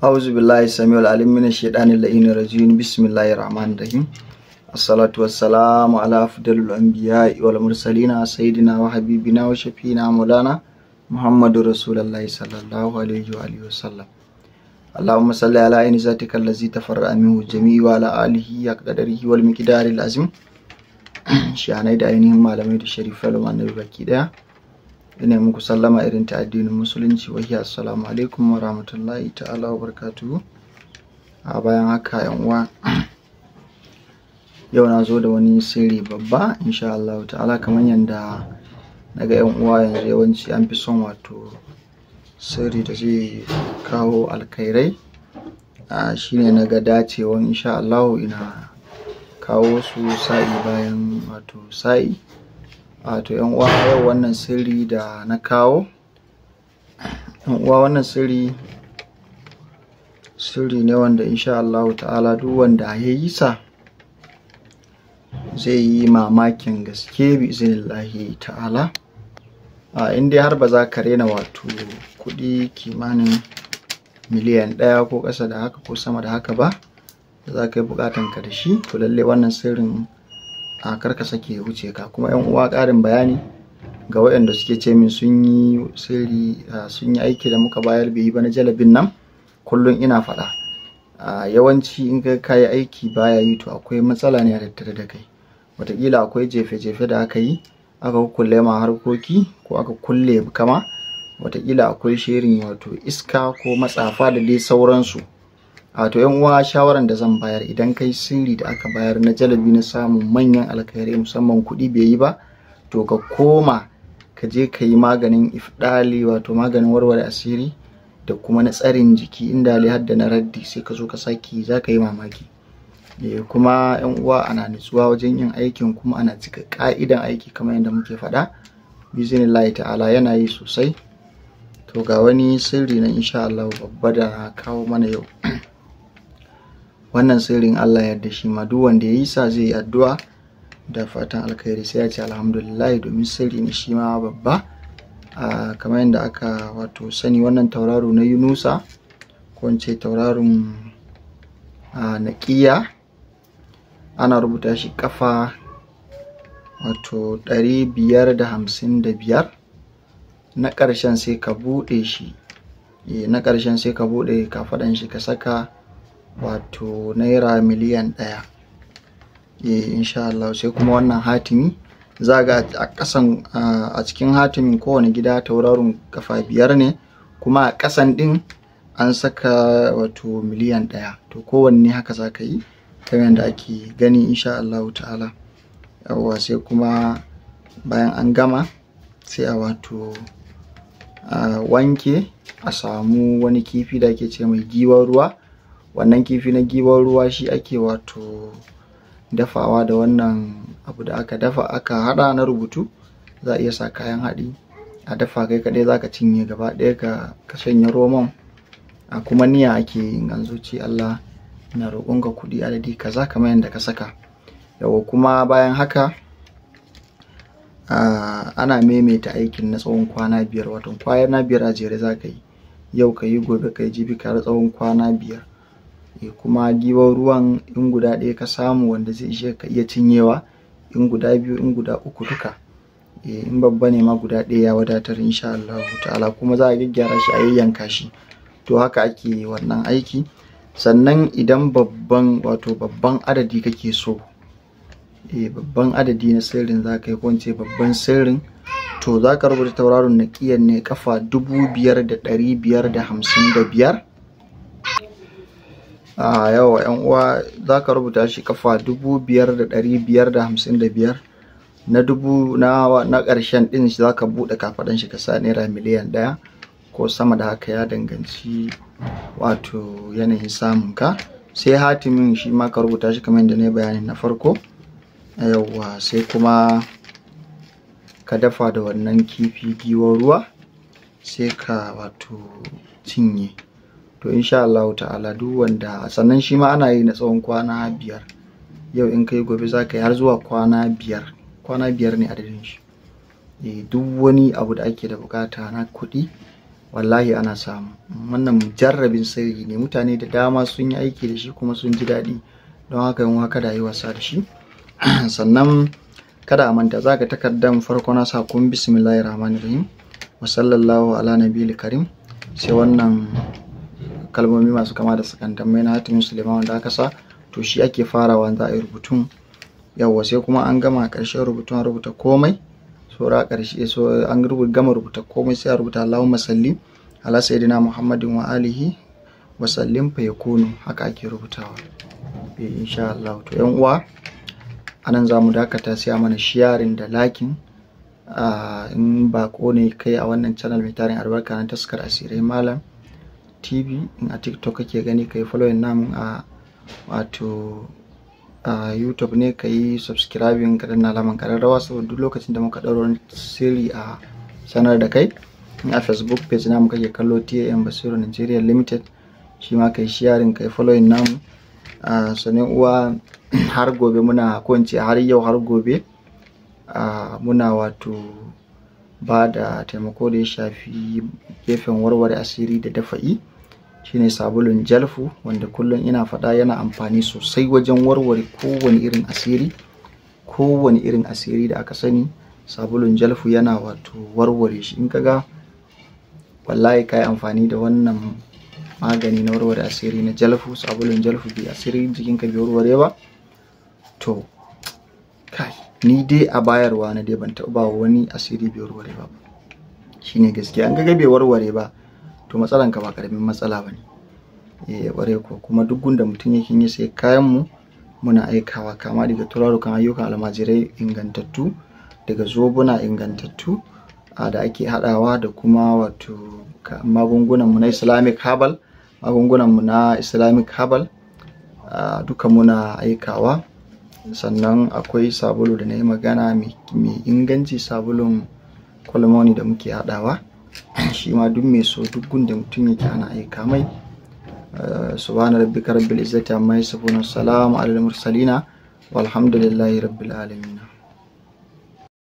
auzu billahi samiul alim min shaitanir la'in rajim bismillahir rahmanir rahim assalatu wassalamu ala afdalil anbiya wal mursalin sayidina wa habibina wa shafina mulana muhammadur rasulullahi sallallahu alaihi wa alihi wasallam Allahumma salli ala اللهم صل على عين ذاتك الذي تفرع منه الجميع وعلى آله وقدره والمقدار العظيم شانai da ainihin malamai da sharifai da annabi baki daya ina muku sallama irin ta addinin musulunci wahi assalamu alaikum wa rahmatullahi ta'ala wa barakatuhu a bayan haka yan uwa yau na zo da wani sirri babba insha Allah ta'ala kamar yanda daga yan uwa yanzu yawanci an fi son wato sirri da zai kawo alkhairai shine na ga dacewan insha Allah ina kawo su sa'i bayan wato sa'i wato yan uwa yau wannan sirri da na kawo yan uwa wannan sirri sirri ne wanda insha Allah ta'ala duk wanda ya yi sa zai yi mamakin gaske bi izinillahi ta'ala a inda har ba za ka rena wato kudi kimanin miliyan ɗaya ko ƙasa da haka ko sama da haka ba za ka yi bukatan ka da shi to lalle wannan sirrin a karkasa sake ya wuce ka kuma yan uwa ƙarin bayani ga waɗanda suke ce min sun yi sirri sun yi aiki da muka bayar bai yi ba na jalabin nan kullum ina faɗa yawanci in ka kayi aiki baya yi to akwai matsala ne a tattare da kai wataƙila akwai jefe-jefe da aka yi aka kulle ma harkoki ko aka kulle kama wataƙila akwai shirin wato iska ko matsafa da dai sauransu a to yan uwa shawaran da zan bayar idan kai sirri da aka bayar na jalabi na samun manyan alkhairi, musamman kuɗi bai yi ba to ka koma ka je ka yi maganin ifdali wato maganin warware asiri da kuma na tsarin jiki inda Ali hadda na raddi sai ka zo ka saki za ka yi mamaki eh, kuma yan uwa ana nutsuwa wajen yin aikin kuma ana cika ka'idan aiki kamar yadda muke faɗa bismillah ta'ala yana yi sosai to ga wani sirri na insha Allah babba da kawo mana yau wannan sirrin Allah yarda shi ma duk wanda ya yi sa zai yi addu'a da fatan alkhairi sai ya ce alhamdulillah domin sirri ne shi ma babba kamar yadda aka wato sani wannan tauraro na yunusa ko in ce tauraron naƙiya ana rubuta shi kafa wato 555 na ƙarshen sai ka buɗe shi eh, na ƙarshen sai ka buɗe ka faɗan shi ka saka wato naira miliyan ɗaya in eh, insha Allah sai kuma wannan hatimi za ga a ƙasan a cikin hatimin kowane gida tauraron kafa biyar ne kuma a ƙasan ɗin an saka wato miliyan ɗaya to kowanne haka za ka yi kamar yadda ake gani insha Allah ta'ala yawwa sai kuma bayan an gama sai a wato wanke a samu wani kifi da ake ce mai giwar ruwa wannan kifi na gibar ruwa shi ake wato dafawa da wannan abu da aka dafa aka hada na rubutu za a iya sa kayan haɗi a dafa kai kaɗai za ka cinye gaba ɗaya ka ka shanye roman a kuma niya ake yin an Allah na roƙon ka kuɗi adadi kaza kamar yadda ka saka yawa kuma bayan haka ah, ana maimaita aikin na tsawon kwana biyar watan na biyar a jere za ka yi yau ka yi gobe ka yi jibi ka tsawon kwana biyar Eh, kuma giwar ruwan in guda ɗaya ka samu wanda zai ishe ka iya cinyewa in guda biyu in guda uku duka eh, in babba ne ma guda ɗaya ya wadatar insha Allah ta'ala kuma za a gyaggyara shi a yanka shi to haka ake wannan aiki sannan idan babban wato babban adadi kake so e babban adadi na sirrin za ka yi ko babban sirrin to za ka rubuta tauraron na ne kafa dubu biyar da ɗari biyar da hamsin da biyar a yawa yan uwa za ka rubuta shi kafa dubu biyar da biyar da hamsin na dubu na na ƙarshen ɗin shi za ka buɗe kafaɗan shi ka sa naira miliyan ɗaya ko sama da haka ya danganci wato yanayin samun ka sai hatimin shi ma ka rubuta shi kamar yadda na bayanin na farko yawa sai kuma ka dafa da wannan kifi giwon ruwa sai ka wato cinye to insha Allah ta'ala duk wanda sannan shi ma ana yi na tsawon kwana biyar yau in kai gobe za ka yi har zuwa kwana biyar kwana biyar ne adadin shi eh, duk wani abu da ake da bukata na kuɗi wallahi ana samu wannan jarrabin sirri ne mutane da dama sun yi aiki da shi kuma sun ji daɗi don haka yin haka da yi wasa da shi sannan kada a manta za ka takardar farko na sakon bismillahir rahmanir rahim wa sallallahu ala nabiyil karim sai wannan kalmomi masu kama da sakantamai na hatimin suleiman wanda aka sa to shi ake farawa za a yi rubutun yawwa sai kuma an gama ƙarshen rubutun rubuta komai saura ƙarshe so an gama rubuta komai sai a rubuta Allahumma salli ala sayyidina Muhammadin wa alihi wa sallim fa yakunu haka ake rubutawa eh insha Allah to yan uwa anan zamu dakata sai a mana sharing da lakin ah, in ba ne kai a wannan channel mai tarin albarka na taskar asirai malam tv in a tiktok kake gani kai yi following namun a wato a youtube ne ka yi subscribing ka danna alaman kararrawa saboda duk lokacin da muka ɗaura siri sirri a sanar da kai in a facebook page namu kake kallo tam basiru nigeria limited shi ma ka yi sharing ka yi following namu sannan uwa har gobe muna ko har yau har gobe muna wato ba da taimako da ya shafi gefen warware asiri da dafa'i shine sabulun jalfu wanda kullum ina faɗa yana amfani sosai wajen warware kowane irin asiri kowane irin asiri da aka sani sabulun jalfu yana wato warware shi in kaga wallahi kai amfani da wannan magani na warware asiri na jalfu sabulun jalfu bi asiri jikinka bi warware ba to kai ni dai a bayarwa na dai ban taɓa ba wani asiri bi warware ba shine gaskiya an ga bai warware ba to matsalan ka ba karamin matsala bane eh bare ko kuma duk gunda mutum yake yin sai kayan mu muna aikawa kama daga turarukan ayyukan almajirai ingantattu daga zobuna ingantattu da ake hadawa da kuma wato magungunan mu na islamic herbal magungunan mu na islamic herbal duka muna aikawa sannan akwai sabulu da na yi magana mai inganci sabulun kwalmoni da muke hadawa shi ma duk mai so duk gunda mutum yake ana aika mai eh, subhana rabbika rabbil izzati amma yasifun salamu alal mursalina walhamdulillahi rabbil alamin